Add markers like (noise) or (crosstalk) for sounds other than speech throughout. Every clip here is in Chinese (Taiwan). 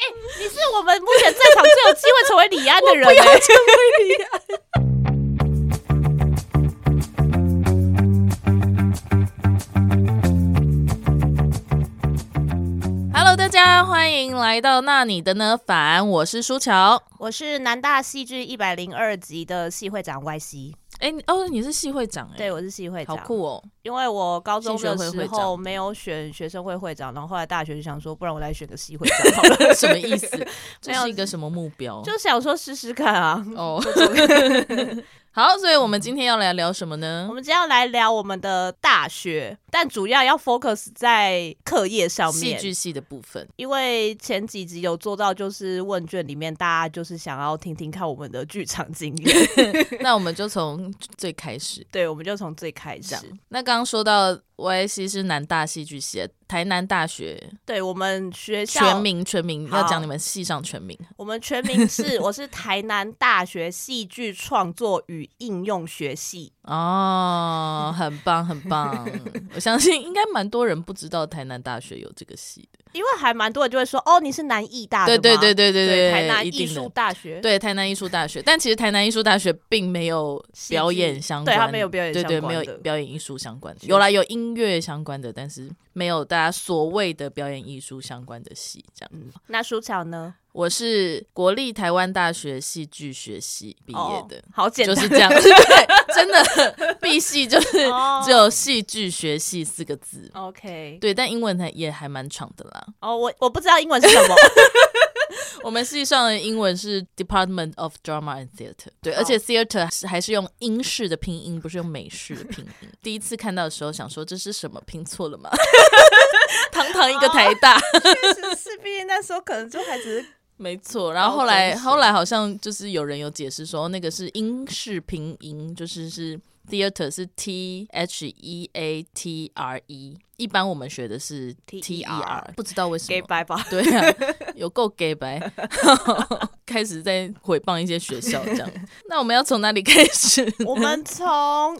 欸、你是我們目前在場最有機會成為李安的人，欸。 (laughs) 我不要成為李安。 (music) Hello，大家歡迎來到那你的呢反，我是書樵，我是南大戲劇一百零二級的系會長 Y C。YC 哎、欸，哦，你是系會長？對，我是系會長。好酷哦！因為我高中的時候沒有選學生會會長，會會長，然後後來大學就想說，不然我來選個系會長好了。 (laughs) 什麼意思有？這是一個什麼目標？就想說試試看啊。哦、oh. (laughs) 好，所以我們今天要來聊什麼呢？嗯，我們今天要來聊我們的大學，但主要要 focus 在課業上面，戲劇系的部分。因為前幾集有做到，就是問卷裡面大家就是想要聽聽看我們的劇場經驗。 (laughs) (laughs) 那我們就從最開始。對，我們就從最開始。那剛剛說到。歪西是南大戲劇系，台南大學。對，我們學校全名，全名要講你們系上全名，我們全名是 (laughs) 我是台南大學戲劇創作與應用學系。哦，很棒很棒！ (laughs) 我相信應該蠻多人不知道台南大學有這個系的，因為還蠻多人就會說：“哦，你是南藝大學對對對對對，對，對，對台南藝術大學對台南藝術大學。”對台南大學 (laughs) 但其實台南藝術大學並沒有表演相關，對它沒有表演相關，對對沒有表演藝術相關的，有啦，有音樂相關的，但是沒有大家所謂的表演藝術相關的系這樣。那書樵呢？我是國立臺灣大學戲劇學系畢業的、oh,，好簡單，就是這樣，對，真的 B 系就是、oh. 只有戲劇學系四個字。OK，對，但英文也也還蠻長的啦。哦、oh,，我我不知道英文是什麼。 (laughs) 我們系上的英文是 Department of Drama and Theatre，對，oh. 而且 Theatre 還是用英式的拼音，不是用美式的拼音。 (laughs) 第一次看到的時候，想說這是什麼，拼錯了嗎？ (laughs) 堂堂一個台大，確、oh, 實是，畢業那時候可能就還只是。沒錯，然後後來後來好像就是有人有解釋說，那個是英式拼音，就是是 theater 是 t h e a t r e，一般我們學的是 t e r，不知道為什麼。給白吧，對呀，有夠給白，開始在回放一些學校這樣。那我們要從哪裡開始？我們從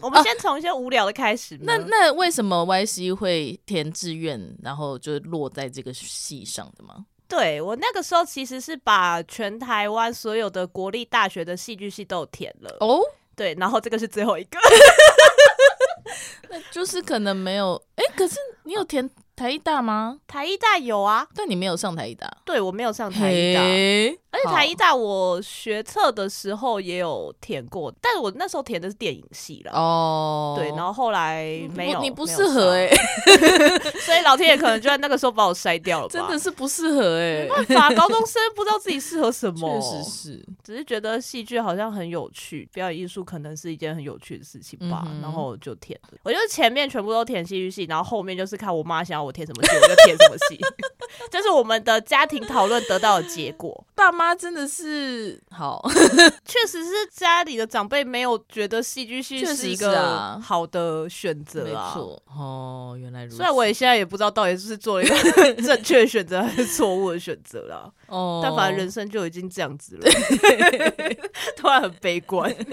我們先從一些無聊的開始。那那為什麼 Y C 會填志願，然後就落在這個系上的嗎？對，我那個時候其實是把全台灣所有的國立大學的戲劇系都有填了哦，oh? 對，然後這個是最後一個，那 (laughs) (laughs) (laughs) (laughs) (laughs) 就是可能沒有哎、欸，可是你有填。台藝大嗎？台藝大有啊，但你沒有上台藝大。對我沒有上台藝大，hey, 而且台藝大我學測的時候也有填過，oh. 但是我那時候填的是電影系了。哦、oh.，對，然後後來沒有，你不適合哎、欸， (laughs) 所以老天爺可能就在那個時候把我篩掉了， (laughs) 真的是不適合哎、欸，沒辦法，高中生不知道自己適合什麼，確 (laughs) 實是，只是覺得戲劇好像很有趣，表演藝術可能是一件很有趣的事情吧，mm-hmm. 然後就填了。我就是前面全部都填戲劇系，然後後面就是看我媽想要。我填什麼戲，我就填什麼戲， (laughs) (laughs) 這是我們的家庭討論得到的結果。爸媽真的是好，確 (laughs) 實是家裡的長輩沒有覺得戲劇系是一個好的選擇啊，啊。哦，原來如此。雖然我也現在也不知道到底是做一個正確的選擇還是錯誤的選擇啦， (laughs) 但反正人生就已經這樣子了，哦、 (laughs) 突然很悲觀。 (laughs)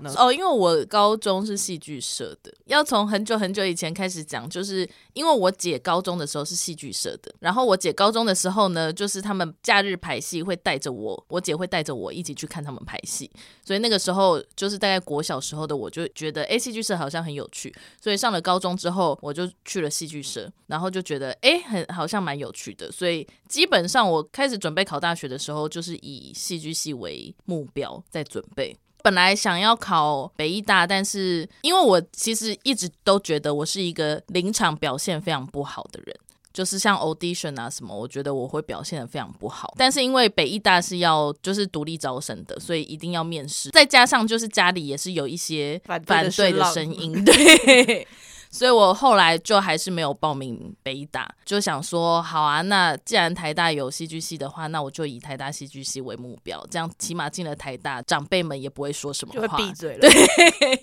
呢，哦，因為我高中是戲劇社的，要從很久很久以前開始講，就是因為我。姐高中的時候是戲劇社的，然後我姐高中的時候呢，就是他們假日排戲會帶着我，我姐會帶着我一起去看他們排戲，所以那個時候就是大概國小時候的我就覺得誒，戲劇社好像很有趣，所以上了高中之後我就去了戲劇社，然後就覺得誒，很好像蠻有趣的，所以基本上我開始準備考大學的時候，就是以戲劇系為目標在準備。本來想要考北藝大，但是因為我其實一直都覺得我是一個臨場表現非常不好的人，就是像 audition 啊什麼，我覺得我會表現得非常不好。但是因為北藝大是要就是獨立招生的，所以一定要面試。再加上就是家裡也是有一些反對的聲音，對的，對。 (laughs) 所以我後來就還是沒有報名北大，就想說好啊，那既然台大有戲劇系的話，那我就以台大戲劇系為目標，這樣起碼進了台大，長輩們也不會說什麼話。就會閉嘴了。對，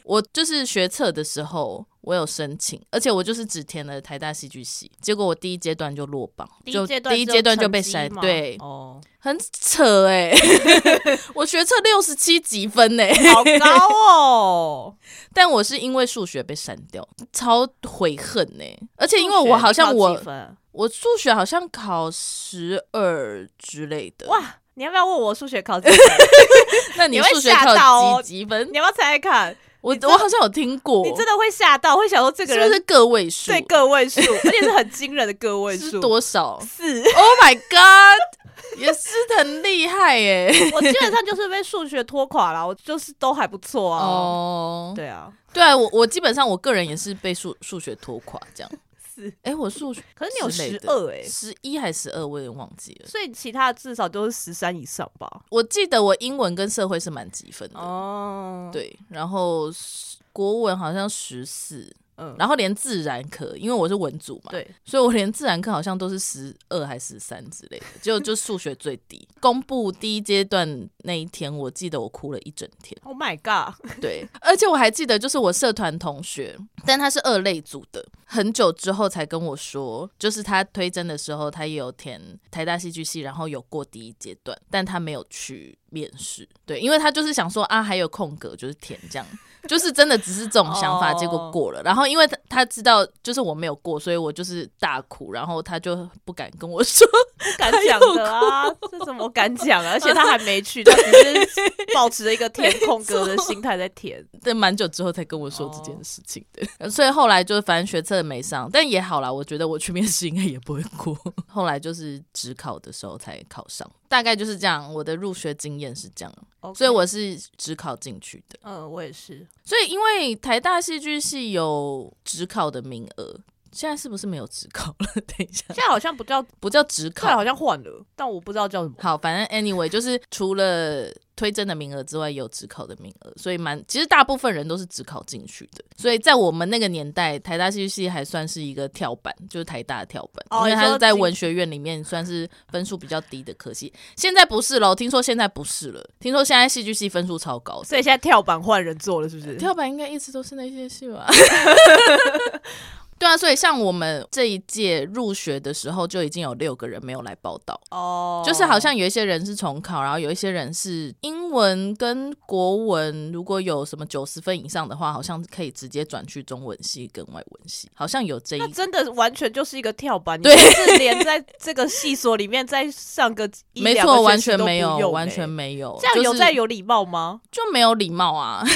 我就是學測的時候。我有申請，而且我就是只填了台大戲劇系，結果我第一階段就落榜，就第一階段，段就被刪，對，哦，很扯哎、欸， (laughs) 我學測六十七級分呢、欸，好高哦，但我是因為數學被刪掉，超悔恨呢、欸，而且因為我好像我數我數學好像考十二之類的，哇，你要不要問我數學考幾分？ (laughs) (laughs) 那你數學考幾、哦、幾分？你要不要猜，猜看？我我好像有聽過，你真的會嚇到，會想說這個人是個位數。對，個位數，而且是很驚人的個位數， (laughs) 是多少？是。Oh my god， (laughs) 也是很厲害耶，欸，我基本上就是被數學拖垮了，我就是都還不錯啊。哦，oh, 啊，對啊，對啊，我我基本上我個人也是被數數學拖垮這樣。哎、欸，我數學，可是你有十二，欸，哎，十一還是十二，我有點忘記了。所以其他至少都是十三以上吧。我記得我英文跟社會是滿級分的哦，對，然後國文好像十四，嗯，然後連自然科，因為我是文組嘛，對，所以我連自然科好像都是十二還是十三之類的，就就數學最低。 (laughs) 公布第一階段那一天，我記得我哭了一整天。Oh my god！對，而且我還記得，就是我社團同學，但他是二類組的，很久之後才跟我說，就是他推甄的時候，他也有填台大戲劇系，然後有過第一階段，但他沒有去面試，對，因為他就是想說啊，還有空格，就是填這樣。 (laughs) 就是真的，只是這種想法，結果過了。Oh. 然後因為他他知道，就是我沒有過，所以我就是大哭。然後他就不敢跟我說，不敢講的啊， (laughs) 這怎麼敢講啊？而且他還沒去，他 (laughs) 只是保持着一個填空格的心態在填。但蠻久之後才跟我說這件事情的。Oh. (laughs) 所以後來就是，反正學測沒上，但也好啦。我覺得我去面試應該也不會過。 (laughs) 後來就是指考的時候才考上。大概就是這樣，我的入學經驗是這樣，okay. 所以我是指考進去的。嗯，我也是。所以，因為台大戲劇系有指考的名額。現在是不是沒有指考了？等一下，現在好像不叫不叫指考，好像換了，但我不知道叫什麼。好，反正 anyway 就是除了推甄的名額之外，也有指考的名額，所以蠻其實大部分人都是指考進去的。所以在我們那個年代，台大戲劇系還算是一個跳板，就是台大的跳板，因為他是在文學院裡面算是分數比較低的科系。現在不是了，我聽說現在不是了，聽說現在戲劇系分數超高，所以現在跳板換人做了，是不是？呃、跳板應該一直都是那些系吧。 (laughs) 對啊，所以像我們這一屆入學的時候，就已經有六個人沒有來報到。哦，oh，就是好像有一些人是重考，然後有一些人是因。中文跟國文如果有什麼九十分以上的話，好像可以直接轉去中文系跟外文系，好像有這一個，那真的完全就是一個跳板，就是，是連在這個系所裡面再上個一兩個沒錯。完全沒有，欸、完全沒有。就是、這樣有再有禮貌嗎？就沒有禮貌啊！ (laughs)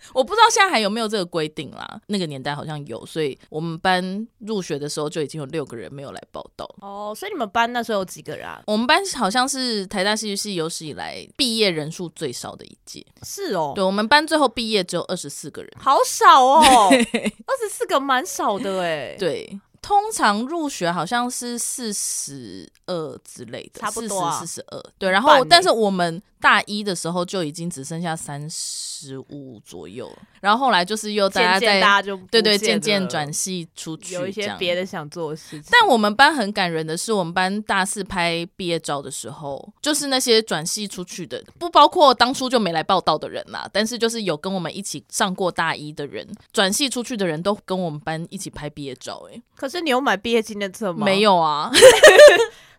(laughs) 我不知道現在還有沒有這個規定啦。那個年代好像有，所以我們班入學的時候就已經有六個人沒有來報到。哦。所以你們班那時候有幾個人啊？我們班好像是台大戲劇系有史以來畢業人人數最少的一屆是哦、喔，對，我們班最後畢業只有二十四個人，好少哦、喔，二十四個蠻少的哎、欸。對，通常入學好像是四十二之類的，差不多四十二。四十二，對，然後但是我們。大一的時候，就已經只剩下三十五左右，然後後來就是又大家在對對漸漸轉系出去，有一些別的想做的事情。但我們班很感人的是，我們班大四拍畢業照的時候，就是那些轉系出去的，不包括當初就沒來報到的人啦。但是就是有跟我們一起上過大一的人，轉系出去的人都跟我們班一起拍畢業照、欸。哎，可是你有買畢業紀念冊嗎？沒有啊。 (laughs)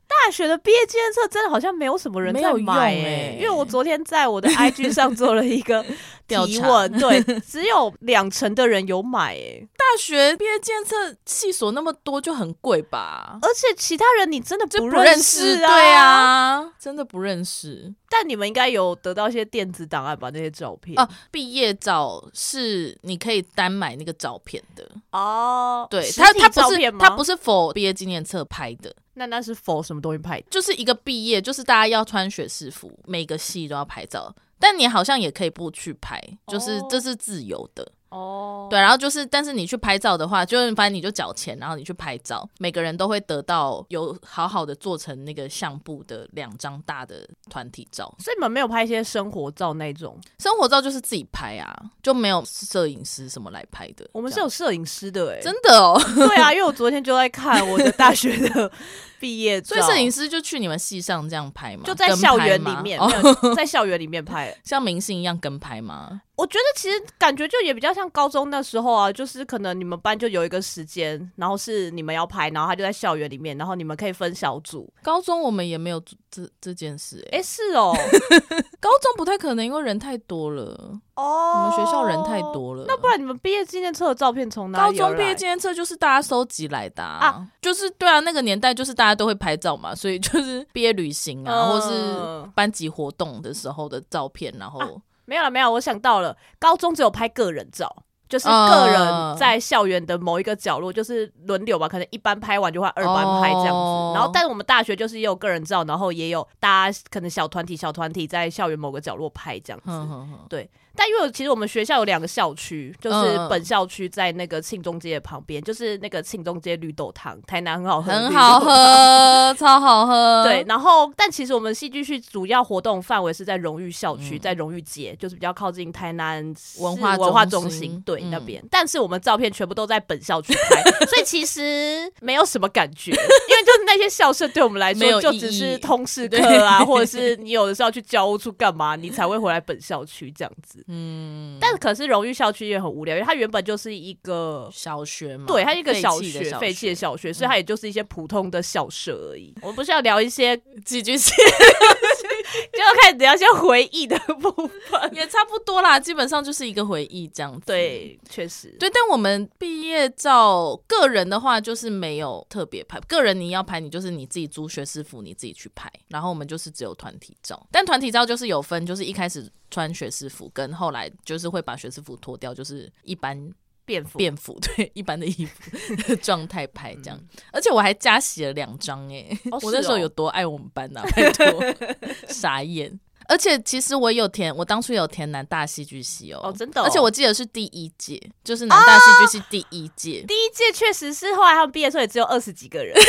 大學的畢業紀念冊真的好像沒有什麼人在買、欸有欸，因為我昨天在我的 IG 上做了一個提問， (laughs) 對，只有兩成的人有買、欸，大學畢業紀念冊系所那麼多就很貴吧？而且其他人你真的不認識,、啊不認識，對啊，真的不認識。但你們應該有得到一些電子檔案吧？那些照片哦，啊、畢業照是你可以單買那個照片的哦。對，它是實體照片嗎？它不是 for 畢業紀念冊拍的，那那是 for 什麼東西拍的？就是一個畢業，就是大家要穿學士服，每個系都要拍照。但你好像也可以不去拍，就是這是自由的。哦哦、oh.，對，然後就是，但是你去拍照的話，就是反正你就繳錢，然後你去拍照，每個人都會得到有好好的做成那個相簿的兩張大的團體照。所以你們沒有拍一些生活照那種？生活照就是自己拍啊，就沒有攝影師什麼來拍的。我們是有攝影師的、欸，哎，真的哦。對啊，因為我昨天就在看我的大學的畢業照， (laughs) 所以攝影師就去你們系上這樣拍嘛，就在校園裡面，在校園裡面拍、哦，像明星一樣跟拍嗎？我覺得其實感覺就也比較像高中那時候啊，就是可能你們班就有一個時間，然後是你們要拍，然後他就在校園裡面，然後你們可以分小組。高中我們也沒有這這件事、欸，誒、欸，是哦？喔， (laughs) (laughs) 高中不太可能，因為人太多了哦，我、oh、們學校人太多了。那不然你們畢業紀念冊的照片從哪裡？高中畢業紀念冊就是大家收集來的啊，啊，就是對啊，那個年代就是大家都會拍照嘛，所以就是畢業旅行啊、嗯，或是班級活動的時候的照片，然後、啊。沒有了、啊，沒有、啊，我想到了，高中只有拍個人照，就是個人在校園的某一個角落，啊、就是輪流吧，可能一班拍完就換二班拍這樣子、哦。然後，但是我們大學就是也有個人照，然後也有大家可能小團體、小團體在校園某個角落拍這樣子，呵呵呵對。但因為其實我們學校有兩個校區，就是本校區在那個慶中街的旁邊、嗯，就是那個慶中街綠豆湯，台南很好喝，很好喝， (laughs) 超好喝。對，然後但其實我們戲劇系主要活動範圍是在榮譽校區、嗯，在榮譽街，就是比較靠近台南文化文化中心，文化中心對、嗯、那邊。但是我們照片全部都在本校區拍、嗯，所以其實沒有什麼感覺， (laughs) 因為就是那些校舍對我們來說 (laughs) 就只是通識課啊對，或者是你有的時候去教務處幹嘛， (laughs) 你才會回來本校區這樣子。嗯，但可是榮譽校區也很無聊，因為它原本就是一個小學嘛，對，它一個小學廢棄的小學，的小學，的小學，嗯，所以它也就是一些普通的校舍而已。我們不是要聊一些戲劇系。 (laughs) 戲劇系笑就開始聊些回憶的部分，也差不多啦，基本上就是一個回憶這樣子。對，確實，對。但我們畢業照個人的話，就是沒有特別拍。個人你要拍，你就是你自己租學士服，你自己去拍。然後我們就是只有團體照，但團體照就是有分，就是一開始穿學士服，跟後來就是會把學士服脫掉，就是一般。便服，對，一般的衣服狀態拍這樣，而且我還加洗了兩張哎，我、哦哦、 (laughs) 那時候有多愛我們班啊，拜託 (laughs) 傻眼！而且其實我有填，我當初有填南大戲劇系哦，哦真的哦，而且我記得是第一屆，就是南大戲劇系第一屆，哦，第一屆確實是後來他們畢業時候也只有二十幾個人。 (laughs)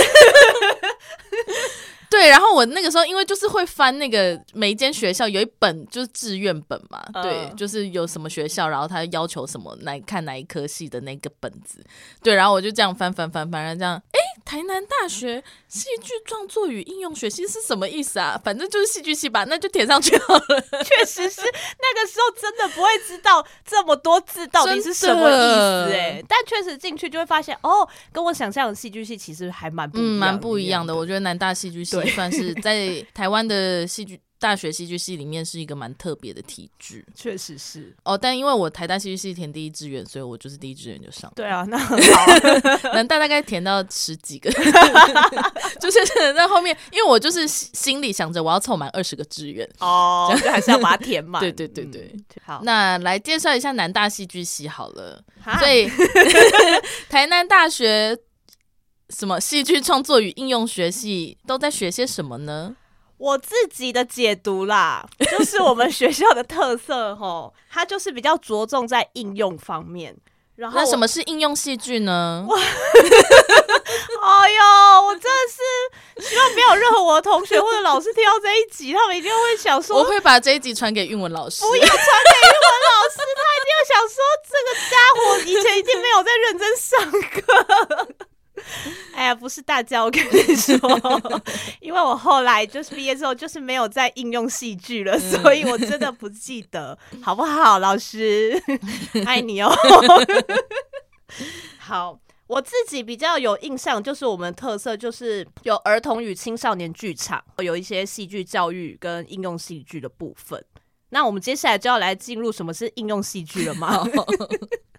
對，然後我那個時候因為就是會翻那個每一間學校有一本就是志願本嘛，哦，對，就是有什麼學校，然後他要求什麼來看哪一科系的那個本子，對，然後我就這樣翻翻翻翻，然後這樣，誒。台南大學戲劇創作與應用學系是什麼意思啊？反正就是戲劇系吧，那就填上去好了。確實是那個時候真的不會知道這麼多字到底是什麼意思誒、欸，但確實進去就會發現哦，跟我想象的戲劇系其實還蠻蠻不、嗯、不一樣的。我覺得南大戲劇系算是在台灣的戲劇大學戲劇系裡面是一個蠻特別的體制，確實是哦。Oh, 但因為我台大戲劇系填第一志願，所以我就是第一志願就上了。對啊，那很好。 (laughs) 南大大概填到十幾個， (laughs) (laughs) 就是那後面，因為我就是心裡想着我要湊滿二十個志願哦，就還是要把它填滿。 (laughs) 對，對對對對，嗯、好， (laughs) 那來介紹一下南大戲劇系好了。Huh? 所以， (laughs) (laughs) 台南大學什麼戲劇創作與應用學系都在學些什麼呢？我自己的解讀啦，就是我們學校的特色吼， (laughs) 它就是比較着重在應用方面。然後那什麼是應用戲劇呢？ (laughs) 哎呦，我真的是希望沒有任何我的同學或者老師聽到這一集，他們一定會想說，我會把這一集傳給韻文老師，不要傳給韻文老師， (laughs) 他一定要想說，這個傢伙以前一定沒有在認真上課。哎呀，不是大家，我跟你說，因為我後來就是畢業之後，就是沒有再應用戲劇了，所以我真的不記得，好不好？老師，愛你哦。 (laughs) 好，我自己比較有印象，就是我們的特色就是有兒童與青少年劇場，有一些戲劇教育跟應用戲劇的部分。那我們接下來就要來進入什麼是應用戲劇了嗎？ (laughs)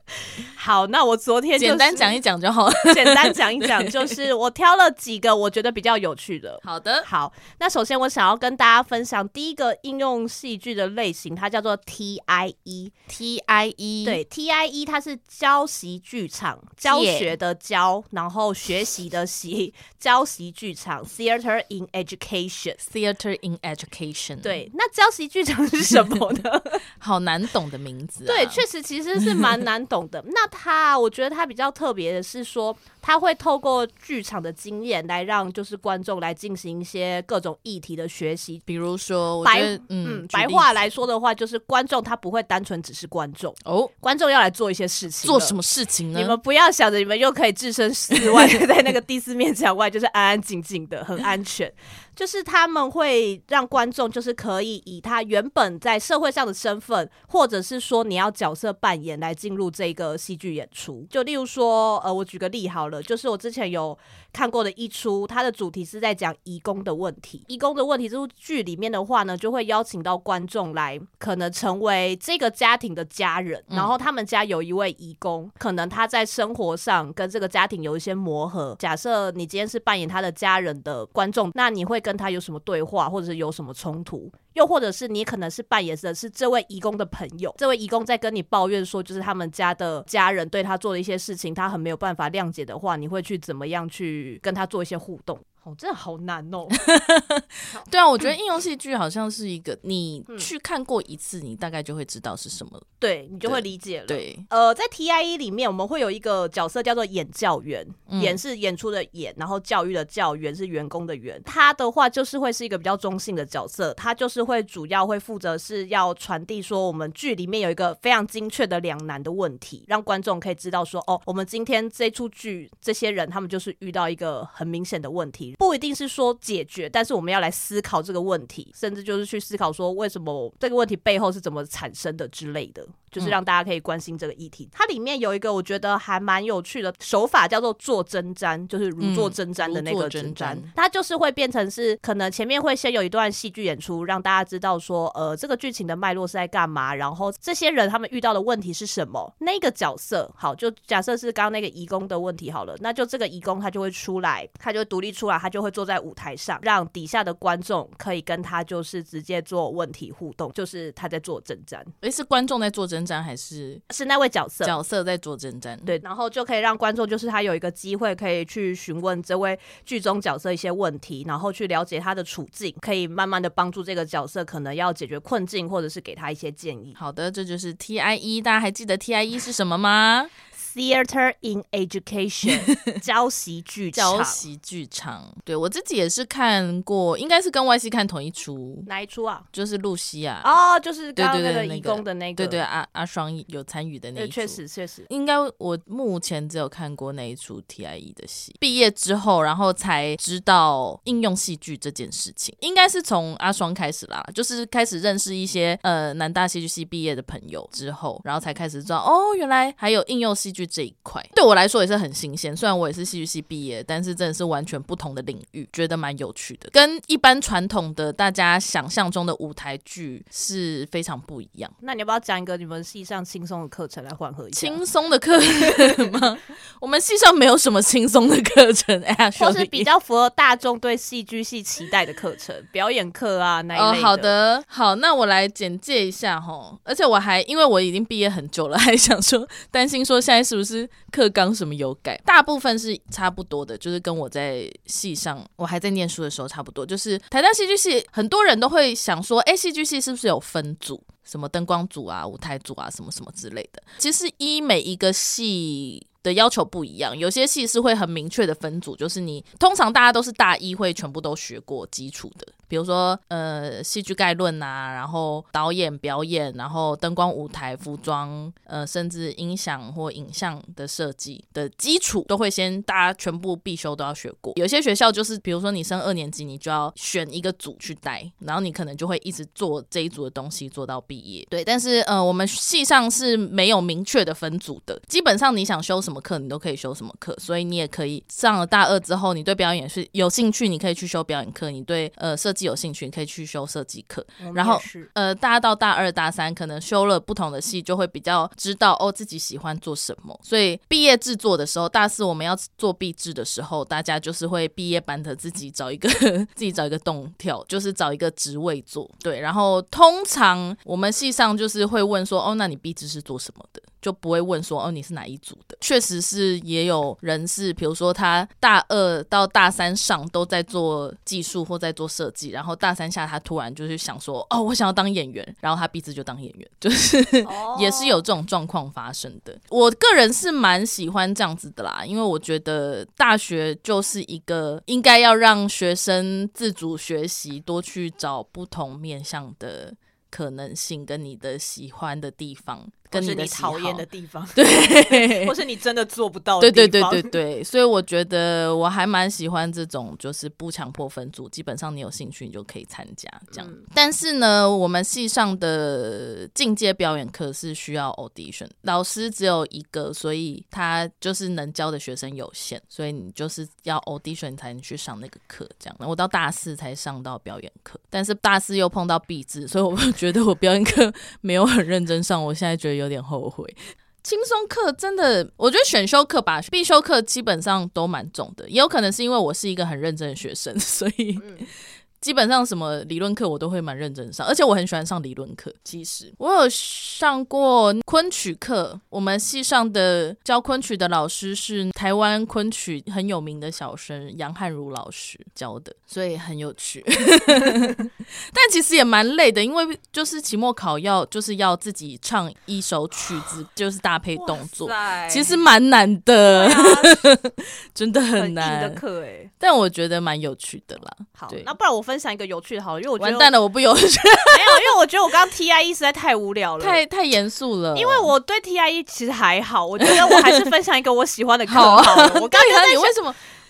好，那我昨天、就是、簡單講一講就好了。簡單講一講，就是我挑了幾個我覺得比較有趣的。好的，好，那首先我想要跟大家分享第一個應用戲劇的類型，它叫做 TIE。TIE 對 TIE，它是教習劇場，教學的教，然後學習的習，教習劇場、yeah. Theater in Education，Theater in Education。In education. 對，那教習劇場是什麼呢？ (laughs) 好難懂的名字、啊。對，確實其實是蠻難懂的。 (laughs) 那他，我覺得他比較特別的是說，他會透過劇場的經驗來讓就是觀眾來進行一些各種議題的學習，比如說白嗯白話來說的話，就是觀眾他不會單純只是觀眾哦，觀眾要來做一些事情，做什麼事情呢？你們不要想着你們又可以置身事外， (laughs) 在那個第四面牆外就是安安靜靜的很安全， (laughs) 就是他們會讓觀眾就是可以以他原本在社會上的身份，或者是說你要角色扮演來進入這個戲劇演出，就例如說呃，我舉個例好了。就是我之前有看過的一出，它的主題是在講移工的問題。移工的問題，這部劇裡面的話呢，就會邀請到觀眾來，可能成為這個家庭的家人。然後他們家有一位移工、嗯，可能他在生活上跟這個家庭有一些磨合。假設你今天是扮演他的家人的觀眾，那你會跟他有什麼對話，或者是有什麼衝突？又或者是你可能是扮演，的是這位移工的朋友，這位移工在跟你抱怨說，就是他們家的家人對他做的一些事情，他很沒有辦法諒解的話，你會去怎麼樣去跟他做一些互動？哦，真的好難哦。 (laughs) 對啊，我覺得應用戲劇好像是一個你去看過一次，你大概就會知道是什麼了，嗯，對，你就會理解了。對，呃，在 TIE 裡面，我們會有一個角色叫做演教員，嗯，演是演出的演，然後教育的教，員是員工的員。他的話就是會是一個比較中性的角色，他就是會主要會負責是要傳遞說我們劇裡面有一個非常精確的兩難的問題，讓觀眾可以知道說，哦，我們今天這出劇，這些人他們就是遇到一個很明顯的問題。不一定是說解決，但是我們要來思考這個問題，甚至就是去思考說為什麼這個問題背後是怎麼產生的之類的。就是讓大家可以關心這個議題。嗯、它裡面有一個我覺得還蠻有趣的手法，叫做坐針氈，就是如坐針氈的那個針氈、嗯。它就是會變成是可能前面會先有一段戲劇演出，讓大家知道說，呃，這個劇情的脈絡是在幹嘛，然後這些人他們遇到的問題是什麼。那個角色，好，就假設是剛剛那個移工的問題好了，那就這個移工他就會出來，他就會獨立出來，他就會坐在舞台上，讓底下的觀眾可以跟他就是直接做問題互動，就是他在坐針氈。哎、欸，是觀眾在坐針。還是是那位角色角色，在做真真，對，然後就可以讓觀眾就是他有一個機會可以去詢問這位劇中角色一些問題，然後去了解他的處境，可以慢慢的幫助這個角色可能要解決困境，或者是給他一些建議。好的，這就是 TIE，大家還記得 TIE 是什麼嗎？ (laughs) Theater in Education，教習劇場，教習劇場。對我自己也是看過，應該是跟歪西看同一齣，哪一齣啊？就是露西啊。哦、oh，就是剛剛那個移工的那個，對對，對、那個那個對，對，對，阿阿雙有參與的那一齣，確實確實。應該我目前只有看過那一齣 TIE 的戲，畢業之後，然後才知道應用戲劇這件事情，應該是從阿雙開始啦，就是開始認識一些、嗯、呃南大戲劇系畢業的朋友之後，然後才開始知道，嗯、哦，原來還有應用戲。劇這一塊對我來說也是很新鮮，雖然我也是戲劇系畢業，但是真的是完全不同的領域，覺得蠻有趣的，跟一般傳統的大家想象中的舞台劇是非常不一樣。那你要不要講一個你們系上輕鬆的課程來緩和一下？輕鬆的課程嗎？ (laughs) 我們系上沒有什麼輕鬆的課程，或是比較符合大眾對戲劇系期待的課程， (laughs) 表演課啊那一類的。哦，好的，好，那我來簡介一下哈。而且我還因為我已經畢業很久了，還想說擔心說現在。是不是課綱什麼有改？大部分是差不多的，就是跟我在戲上，我還在念書的時候差不多。就是台大戲劇系很多人都會想說，哎、欸，戲劇系是不是有分組？什麼燈光組啊、舞台組啊，什麼什麼之類的。其實一每一個系的要求不一樣，有些系是會很明確的分組，就是你通常大家都是大一會全部都學過基礎的。比如說，呃，戲劇概論啊，然後導演、表演，然後燈光、舞台、服裝，呃，甚至音響或影像的設計的基礎，都會先大家全部必修都要學過。有些學校就是，比如說你升二年級，你就要選一個組去帶，然後你可能就會一直做這一組的東西做到畢業。對，但是呃，我們系上是沒有明確的分組的，基本上你想修什麼課，你都可以修什麼課，所以你也可以上了大二之後，你對表演是有興趣，你可以去修表演課，你對呃設計。有興趣可以去修設計課，然後呃，大家到大二大三可能修了不同的系，就會比較知道哦自己喜歡做什麼。所以畢業製作的時候，大四我們要做畢制的時候，大家就是會畢業班的自己找一個呵呵自己找一個動跳，就是找一個職位做對。然後通常我們系上就是會問說哦，那你畢制是做什麼的？就不會問說哦，你是哪一組的？確實是也有人是，比如說他大二到大三上都在做技術或在做設計，然後大三下他突然就是想說哦，我想要當演員，然後他畢製就當演員，就是、oh. 也是有這種狀況發生的。我個人是蠻喜歡這樣子的啦，因為我覺得大學就是一個應該要讓學生自主學習，多去找不同面向的可能性跟你的喜歡的地方。跟你討厭的地方，對， (laughs) 或是你真的做不到的。對，對對對對對，所以我覺得我還蠻喜歡這種，就是不強迫分組，基本上你有興趣你就可以參加這樣。嗯。但是呢，我們系上的進階表演課是需要 audition，老師只有一個，所以他就是能教的學生有限，所以你就是要 audition 才能去上那個課這樣。我到大四才上到表演課，但是大四又碰到畢製，所以我覺得我表演課沒有很認真上。 (laughs) 我現在覺得。有點後悔，輕鬆課真的，我覺得選修課吧，必修課基本上都蠻重的。也有可能是因為我是一個很認真的學生，所以、嗯、基本上什麼理論課我都會蠻認真上，而且我很喜歡上理論課。其實我有上過昆曲課，我們系上的教昆曲的老師是台灣昆曲很有名的小生楊汗如老師教的，所以很有趣。 (laughs) (laughs) 但其實也蠻累的，因為就是期末考要就是要自己唱一首曲子，就是搭配動作，其實蠻難的，啊、 (laughs) 真的很難。很的課哎、欸，但我覺得蠻有趣的啦。好，那不然我分享一個有趣的好，好因為我覺得完蛋了，我不有趣，沒有，因為我覺得我剛剛 T I E 實在太無聊了， (laughs) 太太嚴肅了。因為我對 T I E 其實還好，我覺得我還是分享一個我喜歡的課，好、啊，我剛剛 (laughs) 你為什麼？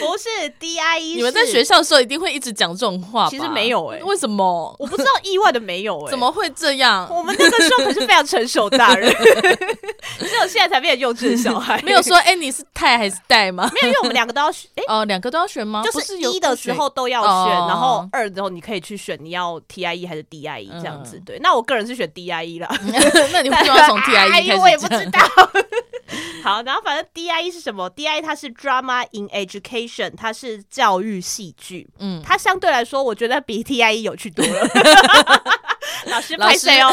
不是 D I E，你們在學校的時候一定會一直講這種話，其實沒有哎、欸，為什麼？我不知道，意外的沒有哎、欸， (laughs) 怎麼會這樣？我們那個時候可是非常成熟大人， (laughs) (laughs) 只有現在才變幼稚的小孩。 (laughs) 沒有說哎、欸，你是太還是帶嗎？沒有，因為我們兩個都要選哦，兩、欸呃、個都要選嗎？就是一的時候都要選，哦、然後二之後你可以去選，你要 T I E 還是 D I E 這樣子、嗯、對？那我個人是選 D I E 啦， (laughs) (laughs) 那你為什麼從 T I E 開始？我也不知道。 (laughs) 好，然後反正 D I E 是什麼？D I E 它是 Drama in Education，它是教育戲劇。嗯，它相對來說，我覺得比 T I E 有趣多了。 (laughs) (laughs) 老師，誰哦。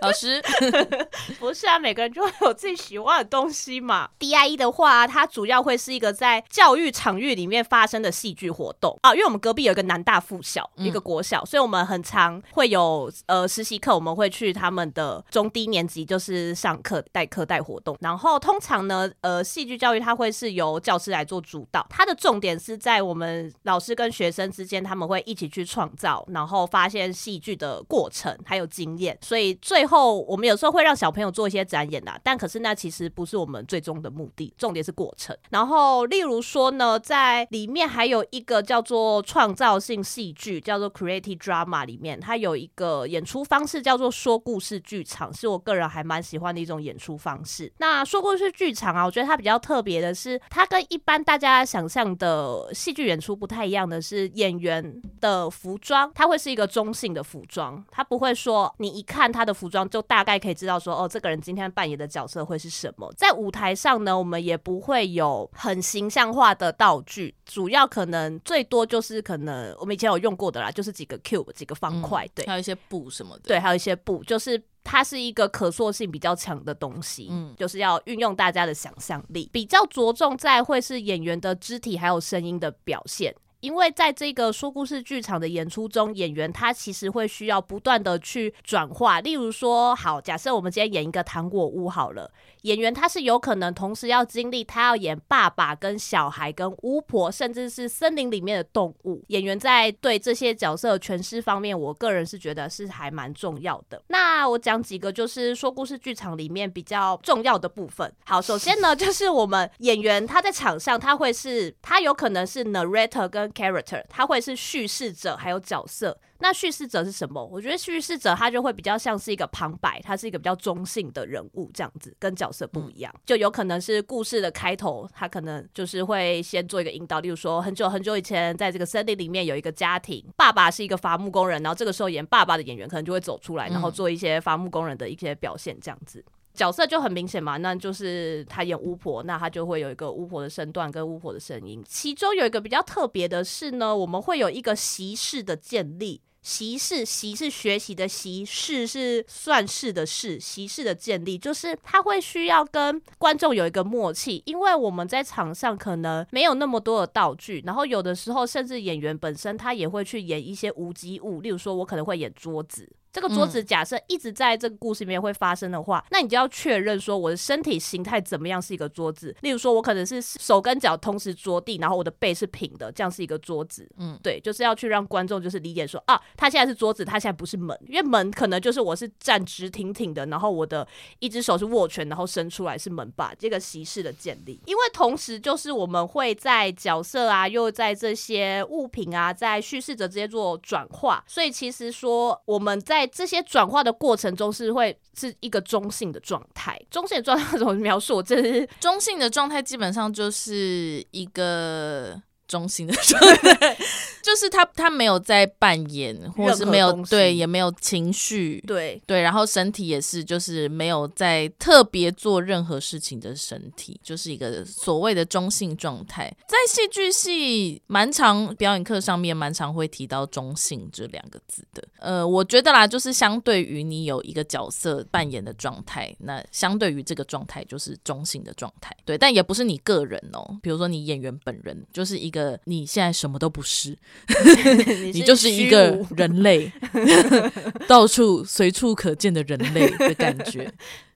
老師，不，喔、老師 (laughs) 不是啊，每個人就會有自己喜歡的東西嘛。DIE 的話，它主要會是一個在教育場域裡面發生的戲劇活動啊。因為我們隔壁有一個南大附小，嗯，一個國小，所以我們很常會有呃實習課，我們會去他們的中低年級，就是上課代課代活動。然後通常呢，呃，戲劇教育它會是由教師來做主導，它的重點是在我們老師跟學生之間，他們會一起去創造，然後發現戲劇的過程，還有經驗，所以最後我們有時候會讓小朋友做一些展演的，啊，但可是那其實不是我們最終的目的，重點是過程。然後，例如說呢，在裡面還有一個叫做創造性戲劇，叫做 creative drama，裡面它有一個演出方式叫做說故事劇場，是我個人還蠻喜歡的一種演出方式。那說故事劇場啊，我覺得它比較特別的是，它跟一般大家想象的戲劇演出不太一樣的是，演員的服裝它會是一個中性的服裝，它不。會說，你一看他的服裝，就大概可以知道說，哦，這個人今天扮演的角色會是什麼？在舞台上呢，我們也不會有很形象化的道具，主要可能最多就是可能我們以前有用過的啦，就是幾個 cube 幾個方塊，嗯、對，還有一些布什麼的，對，還有一些布，就是它是一個可塑性比較強的東西，嗯，就是要運用大家的想象力，比較着重在會是演員的肢體還有聲音的表現。因為在這個說故事劇場的演出中，演員他其實會需要不斷的去轉化。例如說，好，假設我們今天演一個糖果屋好了。演員他是有可能同時要經歷，他要演爸爸、跟小孩、跟巫婆，甚至是森林裡面的動物。演員在對這些角色詮釋方面，我個人是覺得是還蠻重要的。那我講幾個，就是說故事劇場裡面比較重要的部分。好，首先呢，就是我們演員他在場上，他會是，他有可能是 narrator 跟 character，他會是敘事者還有角色。那敘事者是什麼？我覺得敘事者他就會比較像是一個旁白，他是一個比較中性的人物這樣子，跟角色不一樣。嗯、就有可能是故事的開頭，他可能就是會先做一個引導，例如說很久很久以前，在這個森林裡面有一個家庭，爸爸是一個伐木工人，然後這個時候演爸爸的演員可能就會走出來，然後做一些伐木工人的一些表現這樣子。嗯、角色就很明顯嘛，那就是他演巫婆，那他就會有一個巫婆的身段跟巫婆的聲音。其中有一個比較特別的是呢，我們會有一個儀式的建立。習式，習是學習的習，式是，是算式的式。習式的建立，就是他會需要跟觀眾有一個默契，因為我們在場上可能沒有那麼多的道具，然後有的時候甚至演員本身他也會去演一些無機物，例如說我可能會演桌子。這個桌子假設一直在這個故事裡面會發生的話，嗯，那你就要確認說，我的身體形態怎麼樣是一個桌子。例如說，我可能是手跟腳同時着地，然後我的背是平的，這樣是一個桌子。嗯，對，就是要去讓觀眾就是理解說啊，他現在是桌子，他現在不是門，因為門可能就是我是站直挺挺的，然後我的一隻手是握拳，然後伸出來是門把。這個形式的建立，因為同時就是我們會在角色啊，又在這些物品啊，在敘事者之間做轉化，所以其實說我們在在這些轉化的過程中，是會是一個中性的狀態。中性的狀態怎麼描述？我這是中性的狀態，基本上就是一個。中性的狀態， (laughs) 就是他他沒有在扮演，或者是沒有對，也沒有情緒，對對，然後身體也是，就是沒有在特別做任何事情的身體，就是一個所謂的中性狀態。在戲劇系蠻常表演課上面，蠻常會提到中性這兩個字的。呃，我覺得啦，就是相對於你有一個角色扮演的狀態，那相對於這個狀態就是中性的狀態，對，但也不是你個人哦、喔，比如說你演員本人就是一個。你現在什麼都不是， (laughs) 你就是一個人類， (laughs) 是虛 (laughs) 到處隨處可見的人類的感覺。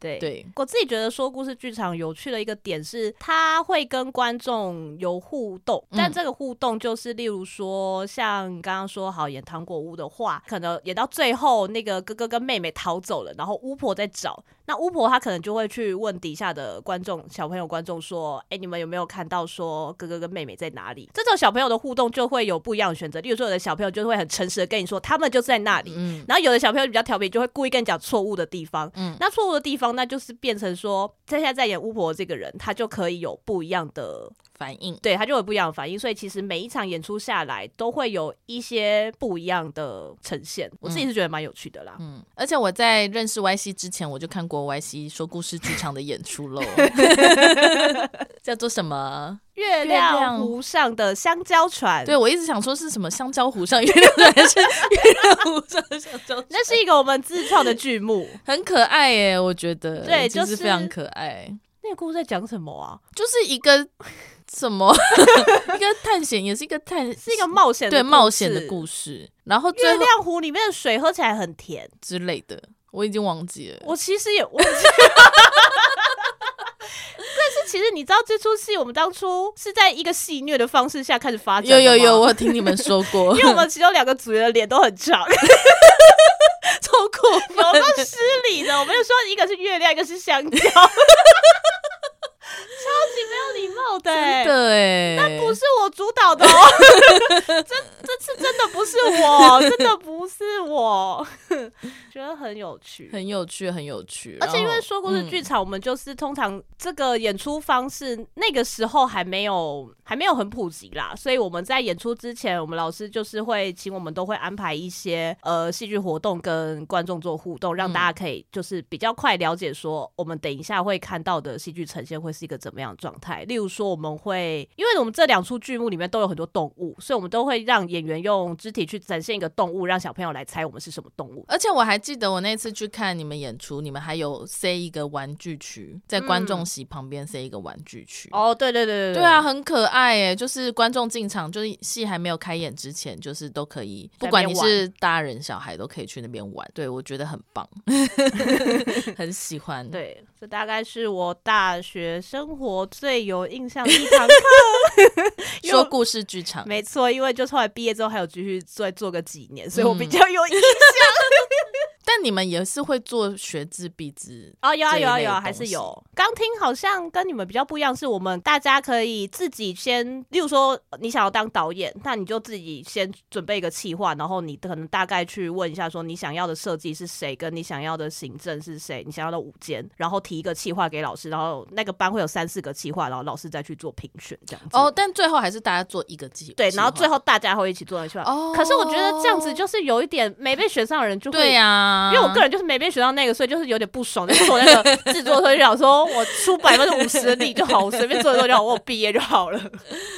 對，對。我自己覺得說故事劇場有趣的一個點是，他會跟觀眾有互動，嗯，但這個互動就是例如說，像剛剛說好演糖果屋的話，可能演到最後，那個哥哥跟妹妹逃走了，然後巫婆在找，那巫婆她可能就會去問底下的觀眾，小朋友觀眾說，哎，欸，你們有沒有看到說哥哥跟妹妹在哪裡？這種小朋友的互動就會有不一樣的選擇，例如說有的小朋友就會很誠實的跟你說，他們就在那裡，嗯，然後有的小朋友比較調皮，就會故意跟你講錯誤的地方，嗯，那錯誤的地方。那就是變成說，現在在演巫婆這個人，他就可以有不一樣的。反應，對，他就有不一樣的反應，所以其實每一場演出下來都會有一些不一樣的呈現。我自己是覺得蠻有趣的啦，嗯，嗯，而且我在認識 Y C 之前，我就看過 Y C 說故事劇場的演出嘍， (laughs) 叫做什麼《月亮湖上的香蕉船》對。對我一直想說是什麼香蕉湖上月亮船，月亮湖上的香蕉船，那 (laughs) 是一個我們自創的劇目，很可愛耶、欸，我覺得對，就是非常可愛。那個故事在講什麼啊？就是一個。什麼？一個探險，也是一個探，是一個冒險，對，冒險的故事。然後,後月亮湖裡面的水喝起來很甜之類的，我已經忘記了。我其實也，忘記了。 (laughs) 但是其實你知道，這出戲我們當初是在一個戲謔的方式下開始發展。有有有，我有聽你們說過， (laughs) 因為我們其中兩個組員的臉都很長，從苦聊到失禮的，我們就說一個是月亮，一個是香蕉。 (laughs) 的欸、真的哎、欸，但不是我主導的哦、喔， (laughs) (laughs) 這這次真的不是我，真的不是我。 (laughs) 覺得很有趣，很有趣，很有趣。而且因為說故事劇場，我們就是通常這個演出方式，那個時候還沒有還沒有很普及啦，所以我們在演出之前，我們老師就是會請我們都會安排一些呃戲劇活動跟觀眾做互動，讓大家可以就是比較快了解說我們等一下會看到的戲劇呈現會是一個怎麼樣的狀態。例如說，我們會因為我們這兩出劇目裡面都有很多動物，所以我們都會讓演員用肢體去展現一個動物，讓小朋友來猜我們是什麼動物。而且我還記得我那次去看你們演出，你們還有塞一個玩具區在觀眾席旁邊，塞一個玩具區。哦、嗯，對對對對對，對啊，很可愛誒，就是觀眾進場，就是戲還沒有開演之前，就是都可以，不管你是大人小孩，都可以去那邊玩。對，我覺得很棒， (laughs) 很喜歡。 (laughs) 對。大概是我大學生活最有印象的一堂課， (laughs) 說故事劇場，沒錯，因為就後來畢業之後還有繼續再做個幾年，嗯，所以我比較有印象。 (laughs) (laughs) 但你們也是會做學製畢製啊？有啊有啊有啊，有啊，還是有。剛聽好像跟你們比較不一樣，是我們大家可以自己先，例如說你想要當導演，那你就自己先準備一個企劃，然後你可能大概去問一下，說你想要的設計是誰，跟你想要的行政是誰，你想要的舞監，然後提一個企劃給老師，然後那個班會有三四個企劃，然後老師再去做評選這樣子。哦，但最後還是大家做一個企劃。對，然後最後大家會一起做一個企劃。哦，可是我覺得這樣子就是有一點沒被選上的人就會對呀、啊。因為我個人就是沒被選到那個，所以就是有點不爽，就我那個制作推想，說我出百分之五十的力就好，隨便做一做就好，我畢業就好了。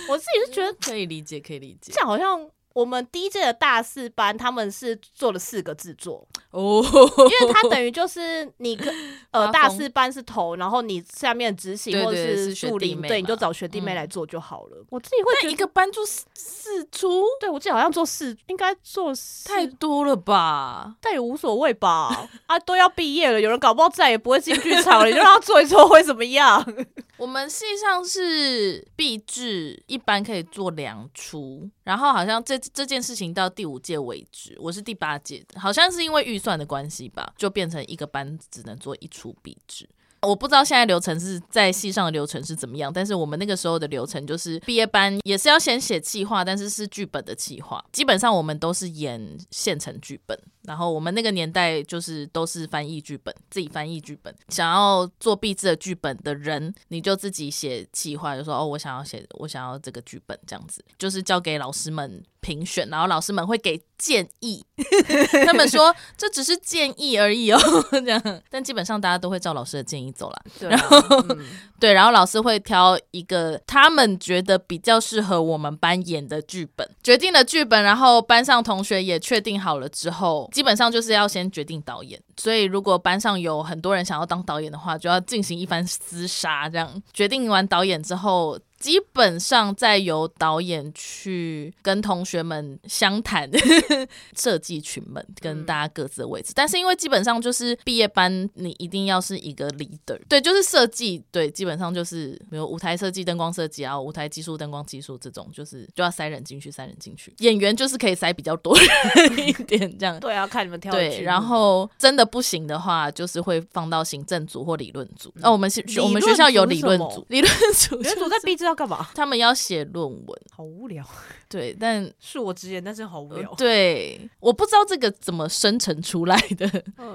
我自己是覺得可以理解，可以理解，這樣好像。我們第一屆的大四班，他們是做了四個制作哦，oh，因為他等於就是你 (laughs) 呃大四班是頭，然後你下面執行或者是助理對對對是，對，你就找學弟妹來做就好了。嗯、我自己會覺得，一個班做四,四出，對我記得好像做四，應該做四太多了吧？但也無所謂吧， (laughs) 啊都要畢業了，有人搞不好再也不會進劇場了， (laughs) 你就讓他做一做會怎麼樣？ (laughs) 我們系上是畢制一般可以做兩出，然後好像這。這件事情到第五屆為止，我是第八屆的，好像是因為預算的關係吧，就變成一個班只能做一出畢製。我不知道現在流程是在系上的流程是怎麼樣，但是我們那個時候的流程就是畢業班也是要先寫計劃，但是是劇本的計劃，基本上我們都是演現成劇本。然後我們那個年代就是都是翻譯劇本，自己翻譯劇本。想要做畢製的劇本的人，你就自己寫企劃，就說哦，我想要寫，我想要這個劇本這樣子，就是交給老師們評選，然後老師們會給建議， (laughs) 他們說這只是建議而已哦，這樣。但基本上大家都會照老師的建議走了。然後，然後、嗯，對，然後老師會挑一個他們覺得比較適合我們班演的劇本，決定了劇本，然後班上同學也確定好了之後。基本上就是要先決定導演，所以如果班上有很多人想要當導演的話，就要進行一番廝殺。這樣決定完導演之後，基本上再由導演去跟同學們相談，設計群們跟大家各自的位置，但是因為基本上就是畢業班，你一定要是一個 leader。對，就是設計，對，基本上就是比如舞台設計、燈光設計啊，舞台技術、燈光技術這種，就是就要塞人進去，塞人進去。演員就是可以塞比較多人 (laughs) (laughs) 一點，這樣。對啊，看你們挑。對，然後真的不行的話，就是會放到行政組或理論組。啊，那我們學我們學校有理論組，理論組、理論組在畢業。要幹嘛？他們要寫論文，好無聊。對，但恕我直言，但是好無聊、呃。對，我不知道這個怎麼生成出來的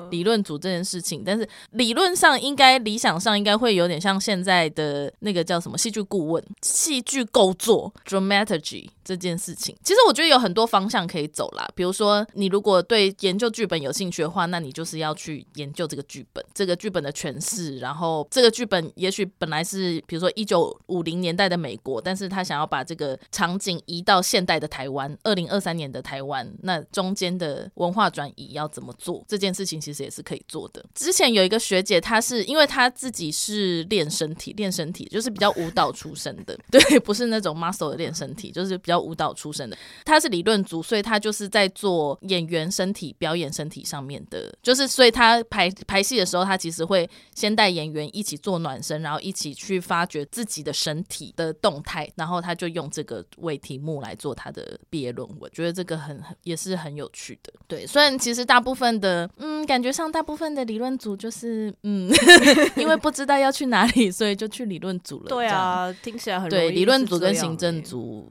理論組這件事情、嗯，但是理論上應該，理想上應該會有點像現在的那個叫什麼戲劇顧問、戲劇構作 （dramaturgy） 這件事情。其實我覺得有很多方向可以走啦，比如說你如果對研究劇本有興趣的話，那你就是要去研究這個劇本、這個劇本的詮釋，嗯、然後這個劇本也許本來是比如說一九五零年代的美國，但是他想要把這個場景移到。現代的台灣，二零二三年的台灣，那中間的文化轉移要怎麼做？這件事情其實也是可以做的。之前有一個學姐，她是因為她自己是練身體，練身體就是比較舞蹈出身的，對，不是那種 muscle 的練身體，就是比較舞蹈出身的。她是理論組，所以她就是在做演員身體、表演身體上面的，就是所以她排排戲的時候，她其實會先帶演員一起做暖身，然後一起去發掘自己的身體的動態，然後她就用這個為題目來。來做他的畢業論文，我覺得這個很很也是很有趣的。對，雖然其實大部分的，嗯，感覺上大部分的理論組就是，嗯， (laughs) (laughs) 因為不知道要去哪裡，所以就去理論組了。對啊，聽起來很對。理論組跟行政組。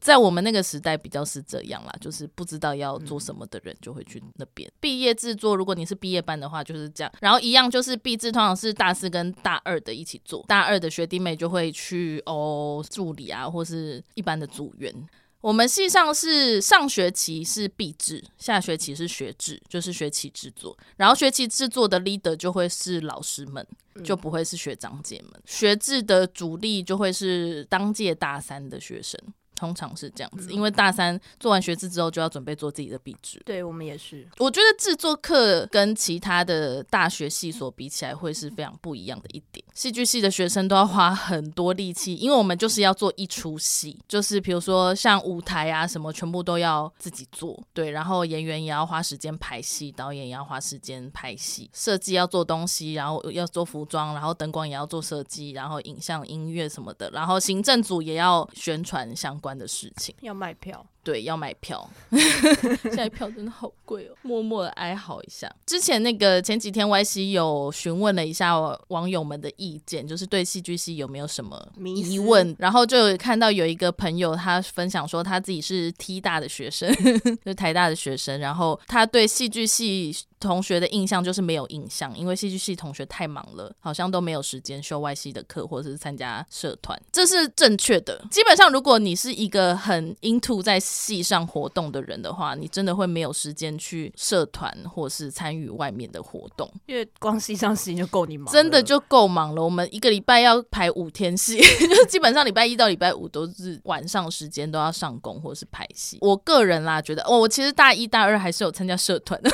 在我們那個時代，比較是這樣啦，就是不知道要做什麼的人就會去那邊、嗯、畢業制作。如果你是畢業班的話，就是這樣。然後一樣就是畢製，通常是大四跟大二的一起做，大二的學弟妹就會去哦助理啊，或是一般的組員。我們系上是上學期是畢製，下學期是學製，就是學期制作。然後學期制作的 leader 就會是老師們，就不會是學長姐們、嗯。學製的主力就會是當屆大三的學生。通常是這樣子，因為大三做完學制之後就要準備做自己的畢製。對，我們也是。我覺得制作課跟其他的大學系所比起來會是非常不一樣的一點。戲劇系的學生都要花很多力氣，因為我們就是要做一齣戲，就是比如說像舞台啊什麼，全部都要自己做。對，然後演員也要花時間排戲，導演也要花時間排戲，設計要做東西，然後要做服裝，然後燈光也要做設計，然後影像、音樂什麼的，然後行政組也要宣傳相關關的事情，要賣票。對，要買票， (laughs) 現在票真的好貴哦、喔，默默的哀嚎一下。之前那個前幾天 YC 有詢問了一下網友們的意見，就是對戲劇系有沒有什麼疑問？然後就看到有一個朋友他分享說，他自己是 T 大的學生， (laughs) 就是台大的學生，然後他對戲劇系同學的印象就是沒有印象，因為戲劇系同學太忙了，好像都沒有時間修 YC 的課或者是參加社團。這是正確的。基本上，如果你是一個很 into 在戲上活動的人的話，你真的會沒有時間去社團或是參與外面的活動，因為光系上時間就夠你忙，真的就夠忙了。我們一個禮拜要排五天戲， (laughs) 就基本上禮拜一到禮拜五都是晚上時間都要上工或是排戲。我個人啦覺得，哦，我其實大一、大二還是有參加社團。 (laughs)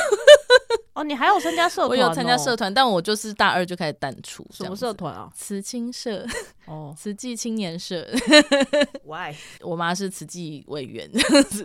哦，你還有參加社團、哦？我有參加社團，但我就是大二就開始淡出。什麼社團啊？慈青社，哦、oh.，慈濟青年社。 (laughs) Why？我媽是慈濟委員，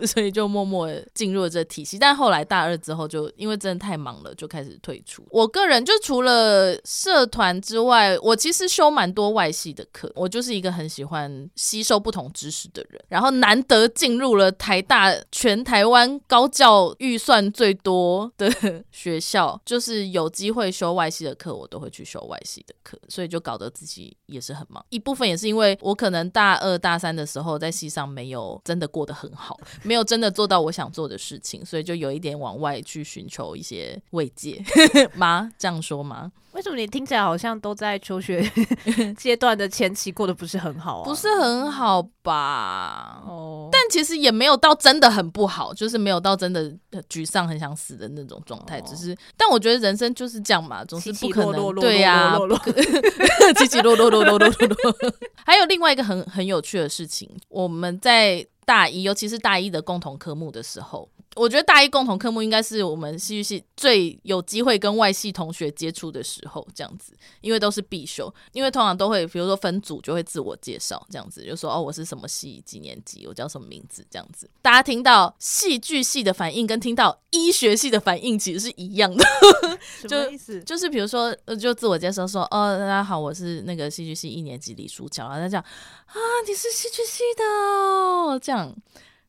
所以就默默進入了這個體系。但後來大二之後就，就因為真的太忙了，就開始退出。我個人就除了社團之外，我其實修蠻多外系的課。我就是一個很喜歡吸收不同知識的人。然後難得進入了台大，全台灣高教預算最多的。 (laughs) 學校就是有機會修外系的課，我都會去修外系的課，所以就搞得自己也是很忙。一部分也是因為我可能大二、大三的時候在系上沒有真的過得很好，沒有真的做到我想做的事情，所以就有一點往外去尋求一些慰藉 (laughs) 媽這樣說嗎？為什麼你聽起來好像都在求學階段的前期過得不是很好，啊，不是很好吧？哦，但其實也沒有到真的很不好，就是沒有到真的很沮喪、很想死的那種狀態。哦。只是，但我覺得人生就是這樣嘛，總是不可能。對呀， (laughs) (laughs) 起起落落落落落落落。 (laughs) 還有另外一個很很有趣的事情，我們在大一，尤其是大一的共同科目的時候。我覺得大一共同科目應該是我們戲劇系最有機會跟外系同學接觸的時候，這樣子，因為都是必修，因為通常都會，比如說分組就會自我介紹，這樣子，就是、說哦，我是什麼系幾年級，我叫什麼名字，這樣子，大家聽到戲劇系的反應跟聽到醫學系的反應其實是一樣的，什麼意思？ (laughs) 就，就是比如說，就自我介紹說，哦，大家好，我是那個戲劇系一年級李書樵，然後這樣，啊，你是戲劇系的哦，這樣。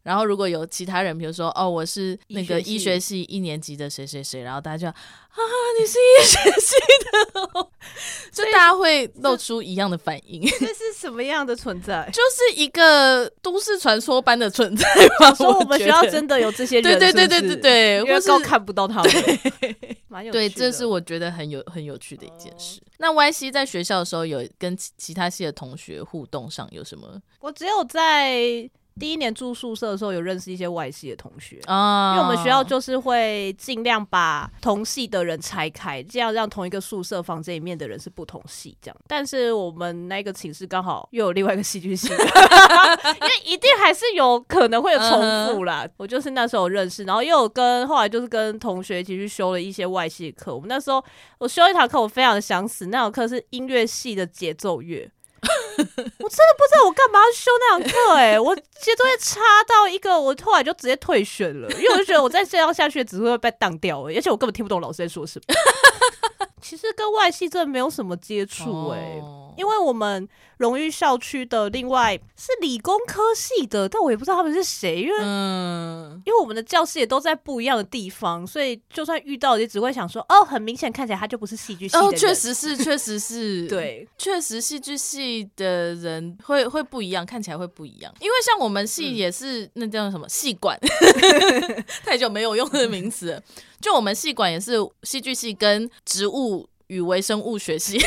然後如果有其他人，比如說哦，我是那個醫學系一年級的誰誰誰，然後大家就啊，啊你是醫學系的，哦，就大家會露出一樣的反應這這是什麼樣的存在？就是一個都市傳說般的存在吧？我說我們學校真的有這些人是不是？對對對對對對，或是都看不到他們對。 (laughs) 對，這是我覺得很有很有趣的一件事。哦、那歪西在學校的時候有跟其他系的同學互動上有什麼？我只有在。第一年住宿舍的時候，有認識一些外系的同學，oh. 因為我們學校就是會盡量把同系的人拆開，這樣讓同一個宿舍房間裡面的人是不同系。這樣，但是我們那個寢室剛好又有另外一個戲劇系， (laughs) (laughs) 因為一定還是有可能會有重複啦。Uh -huh. 我就是那時候認識，然後又有跟後來就是跟同學一起去修了一些外系的課。我們那時候我修一堂課，我非常的想死。那堂課是音樂系的節奏樂。 (laughs) 我真的不知道我幹嘛要修那堂課哎，我節奏也差到一個，我後來就直接退選了，因為我就覺得我再這樣下去只會被當掉哎、欸，而且我根本聽不懂老師在說什麼。 (laughs) (laughs) 其實跟外系真的沒有什麼接觸哎、欸。Oh. 因為我們榮譽校區的另外是理工科系的，但我也不知道他們是誰，因為、嗯、因為我們的教室也都在不一樣的地方，所以就算遇到也只會想說哦，很明顯看起來他就不是戲劇系的。哦，確實是，確實是， (laughs) 對，確實戲劇系的人會會不一樣，看起來會不一樣。因為像我們系也是、嗯、那叫什麼系館，太 (laughs) 久沒有用的名詞了、嗯，就我們系館也是戲劇系跟植物與微生物學系。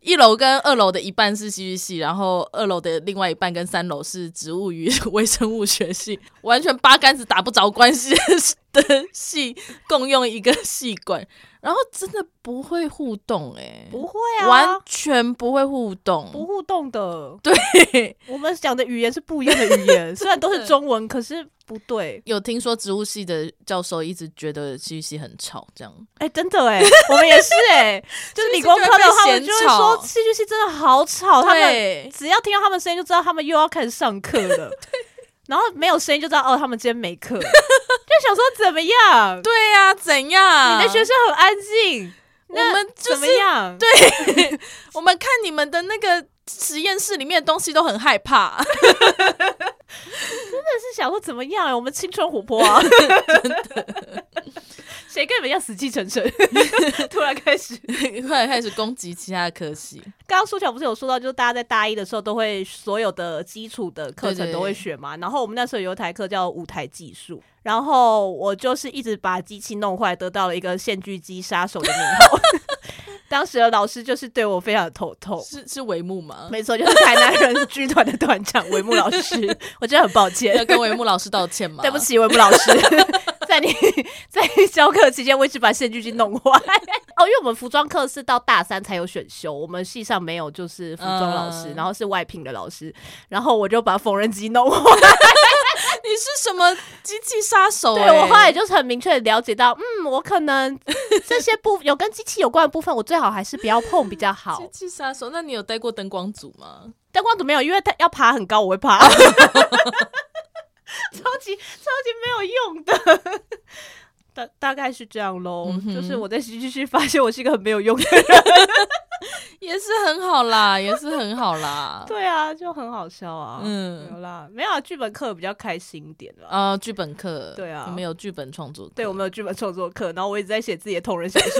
一樓跟二樓的一半是戲劇系，然後二樓的另外一半跟三樓是植物與微生物學系，完全八竿子打不着關係。 (laughs) 系共用一個系館，然後真的不會互動哎、欸，不會啊，完全不會互動，不互動的。對，我們講的語言是不一樣的語言 (laughs) 的，雖然都是中文，可是不對。有聽說植物系的教授一直覺得戲劇系很吵，這樣？哎、欸，真的哎、欸，我們也是哎、欸， (laughs) 就是理工科的他們就會說戲劇系真的好吵，他們只要聽到他們聲音就知道他們又要開始上課了。 (laughs) 然後沒有聲音就知道哦，他們今天沒課，就想說怎麼樣？ (laughs) 對呀、啊，怎樣？你的學生很安靜，我們、就是、怎麼樣？對 (laughs) 我們看你們的那個實驗室裡面的東西都很害怕， (laughs) (laughs) 真的是想說怎麼樣、欸？我們青春活潑、啊。 (laughs) 真的誰跟你們一樣死氣沉沉？突然開始，突然開始攻擊其他的科系。剛剛書樵不是有說到，就是大家在大一的時候都會所有的基礎的課程都會學嘛。對對對，然後我們那時候有一台課叫舞台技術，然後我就是一直把機器弄壞，得到了一個“線鋸機殺手”的名號。 (laughs) 當時的老師就是對我非常的頭痛。是是帷幕嗎？沒錯，就是台南人劇團的團長帷幕老師。 (laughs) 我真的很抱歉，要跟帷幕老師道歉嘛？對不起，帷幕老師。 (laughs) 在你在你教課期間，我一直把縫紉機弄壞哦，因為我們服裝課是到大三才有選修，我們系上沒有，就是服裝老師，然後是外聘的老師、呃，然後我就把縫紉機弄壞。你是什麼機器殺手、欸？對，我後來就是很明確了解到，嗯，我可能這些部有跟機器有關的部分，我最好還是不要碰比較好。機器殺手？那你有帶過燈光組嗎？燈光組沒有，因為他要爬很高，我會怕。啊 (laughs) 超級超級沒有用的，大大概是這樣嘍、嗯。就是我在繼續續發現我是一個很沒有用的人， (laughs) 也是很好啦，也是很好啦。對啊，就很好笑啊。嗯，有啦，沒有啊。劇本課比較開心一點啊，呃、劇本課，對啊，我們有劇本創作，對，我們有劇本創作課。然後我一直在寫自己的同人小說， (laughs) (laughs) 就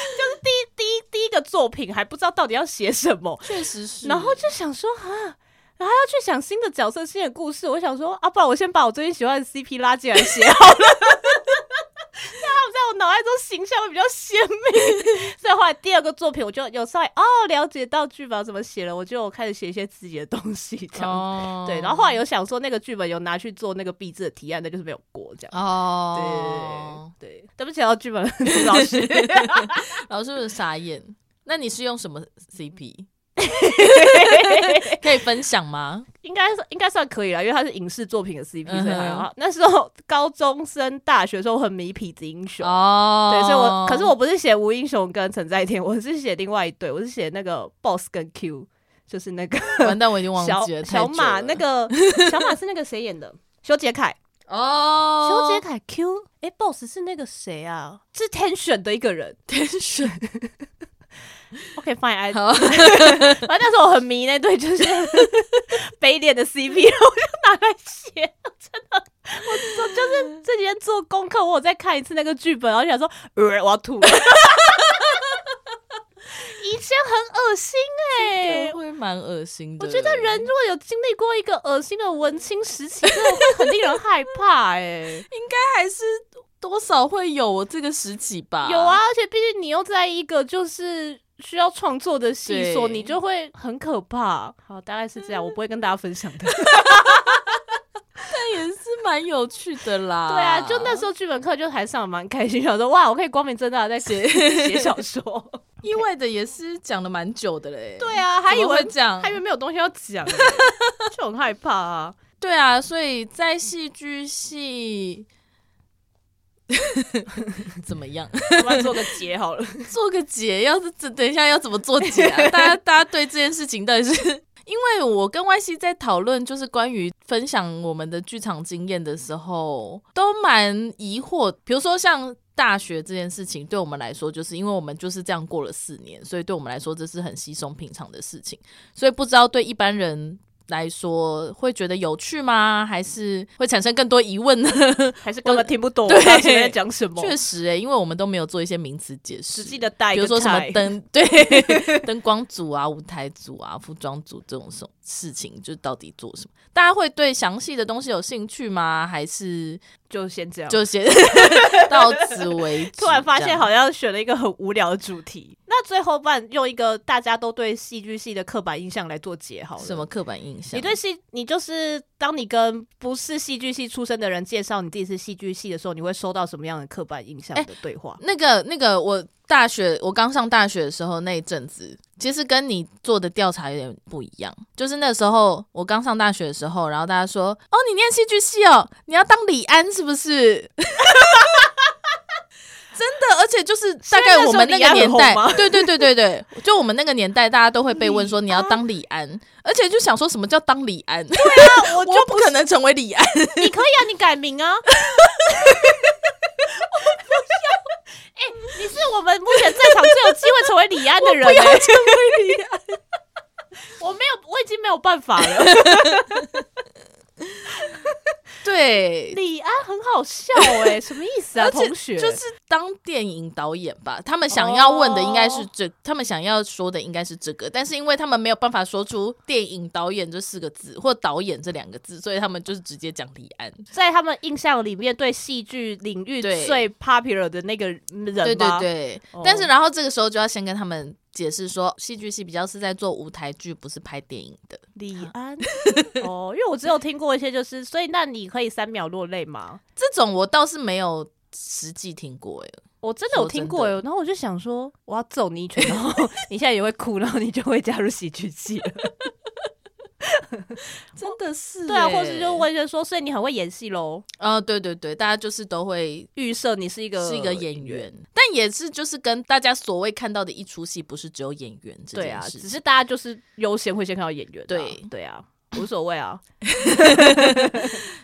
是第一第一第一個作品，還不知道到底要寫什麼，確實是。然後就想說啊。哈然後要去想新的角色、新的故事。我想說，啊，不然我先把我最近喜歡的 CP 拉進來寫好了，這 (laughs) 樣 (laughs) 在我腦海中形象會比較鮮明。所以後來第二個作品，我就有稍微哦了解到劇本怎麼寫了，我就開始寫一些自己的東西這樣。哦、對，然後後來有想說那個劇本有拿去做那個畢製的提案，但就是沒有過這樣。哦，對對對，對不起，到、哦、劇本 (laughs) (laughs) 老師，老師不是傻眼？那你是用什麼 CP？ (laughs) (laughs) 可以分享嗎？應該應該算可以了，因為他是影視作品的 CP、嗯。那時候高中生、大學的時候我很迷痞子英雄哦、oh，對，所以我可是我不是寫吳英雄跟陳在天，我是寫另外一對，我是寫那個 Boss 跟 Q，就是那個完蛋，我已經忘記了。小，小馬那個小馬是那個誰演的？ (laughs) 修杰楷哦、oh，修杰楷 Q，哎、欸、Boss 是那個誰啊？是 Tension 的一個人，Tension。OK fine, I， (laughs) 反正那時候我很迷那、欸、對，就是卑劣 (laughs) 的 CP，我就拿來寫。真的，我就是這幾天做功課，我有再看一次那個劇本，然後想說，我吐。以前很噁心哎、欸，這個、會蠻噁心的。我覺得人如果有經歷過一個噁心的文青時期，會很令人害怕哎、欸。 (laughs) 應該還是多少會有這個時期吧。有啊，而且畢竟你又在一個就是。需要創作的細說，你就會很可怕。好，大概是這樣，嗯、我不會跟大家分享的。 (laughs) (laughs) (laughs) 但也是蠻有趣的啦。對啊，就那時候劇本課就還上得蠻開心，想說，哇，我可以光明正大的在寫寫小說。 (laughs) 意味着也是講了蠻久的嘞。對啊，還以為講，還以為沒有東西要講，就很害怕啊。對啊，所以在戲劇系。 (laughs) 怎麼樣？我要要做個結好了，做個結。要是等一下要怎麼做結啊？ (laughs) 大家大家對這件事情到底是……因為我跟歪西在討論，就是關於分享我們的劇場經驗的時候，都蠻疑惑。比如說像大學這件事情，對我們來說，就是因為我們就是這樣過了四年，所以對我們來說這是很稀鬆平常的事情。所以不知道對一般人。來說會覺得有趣嗎？還是會產生更多疑問呢？還是根本聽不懂，對到底在講什麼？確實、欸，誒，因為我們都沒有做一些名詞解釋，實際的帶，比如說什麼燈，對，燈 (laughs) 光組啊，舞台組啊，服裝組這種什麼事情，就到底做什麼？大家會對詳細的東西有興趣嗎？還是就先這樣，就先 (laughs) 到此為止。 (laughs) 突然發現好像選了一個很無聊的主題。那最後，不然用一個大家都對戲劇系的刻板印象來做結好了。什麼刻板印象？你對戲，你就是當你跟不是戲劇系出身的人介紹你自己是戲劇系的時候，你會收到什麼樣的刻板印象的對話？欸、那個，那個我。大學，我剛上大學的時候那一陣子，其實跟你做的調查有點不一樣。就是那時候我剛上大學的時候，然後大家說：“哦，你念戲劇系哦，你要當李安是不是？” (laughs) (laughs) 真的，而且就是大概我們那個年代，對對對對對，就我們那個年代，大家都會被問說你要當李安，啊，而且就想說什麼叫當李安？對啊，我不 (laughs) 就不可能成為李安，你可以啊，你改名啊。 (laughs) 我不哎、欸，你是我們目前在場最有機會成為李安的人。欸，我要成為李安，我沒有，我已經沒有辦法了。 (laughs) 對，李安很好笑哎、欸， (laughs) 什麼意思啊？同學就是當電影導演吧？他們想要問的應該是這，oh. 他們想要說的應該是這個，但是因為他們沒有辦法說出“電影導演”這四個字或“導演”這兩個字，所以他們就是直接講李安，在他們印象裡面對戲劇領域最 popular 的那個人嗎？對對對，對，oh. 但是然後這個時候就要先跟他們。解釋說，戲劇系比較是在做舞台劇，不是拍電影的。李安 (laughs) 哦，因為我只有聽過一些，就是所以那你可以三秒落淚嗎？這種我倒是沒有實際聽過，耶，我真的有聽過耶，然後我就想說，我要揍你一拳，然後你現在也會哭，然後你就會加入戲劇系。 (laughs) (laughs) 真的是、欸哦，對啊，或是就問一些說，所以你很會演戲嘍？啊、呃，對對對，大家就是都會預設你是一個是一個演員，但也是就是跟大家所謂看到的一齣戲，不是只有演員這件事，對啊，只是大家就是優先會先看到演員、啊，對對啊，無所謂啊。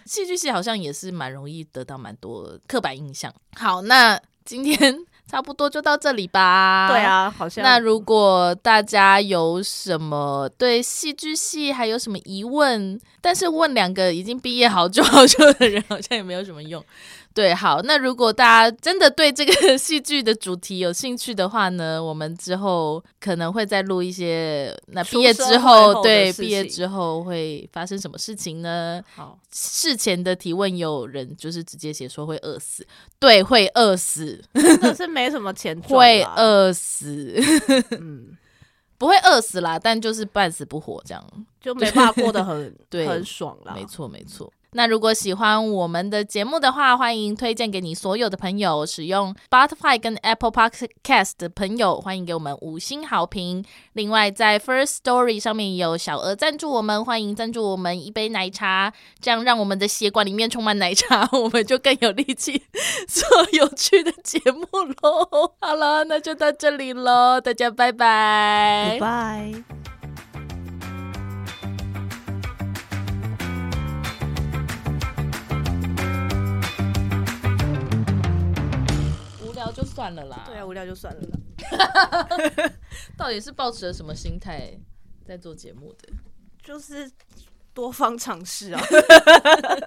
戲 (laughs) 劇 (laughs) 系好像也是蠻容易得到蠻多刻板印象。好，那今天、嗯。差不多就到這裡吧。對啊，好像。那如果大家有什麼對戲劇系還有什麼疑問，但是問兩個已經畢業好久好久的人，好像也沒有什麼用。對，好，那如果大家真的對這個戲劇的主題有興趣的話呢，我們之後可能會再錄一些，那畢業之後，對，畢業之後會發生什麼事情呢？好，事前的提問有人就是直接寫說會餓死，對，會餓死，真的是沒什麼前途。 (laughs) 會餓死， (laughs) 嗯，不會餓死啦，但就是半死不活這樣，就沒辦法過得很對， (laughs) 很爽啦，沒錯，沒錯。那如果喜歡我們的節目的話，歡迎推薦給你所有的朋友。使用 Spotify 跟 Apple Podcast 的朋友，歡迎給我們五星好評。另外，在 First Story 上面有小額贊助我們，歡迎贊助我們一杯奶茶，這樣讓我們的血管裡面充滿奶茶，我們就更有力氣做有趣的節目嘍。好了，那就到這裡嘍，大家拜拜，拜拜。無聊就算了啦，對啊，無聊就算了啦。 (laughs) 到底是抱持了什麼心態在做節目的？就是多方嘗試啊。 (laughs) (laughs)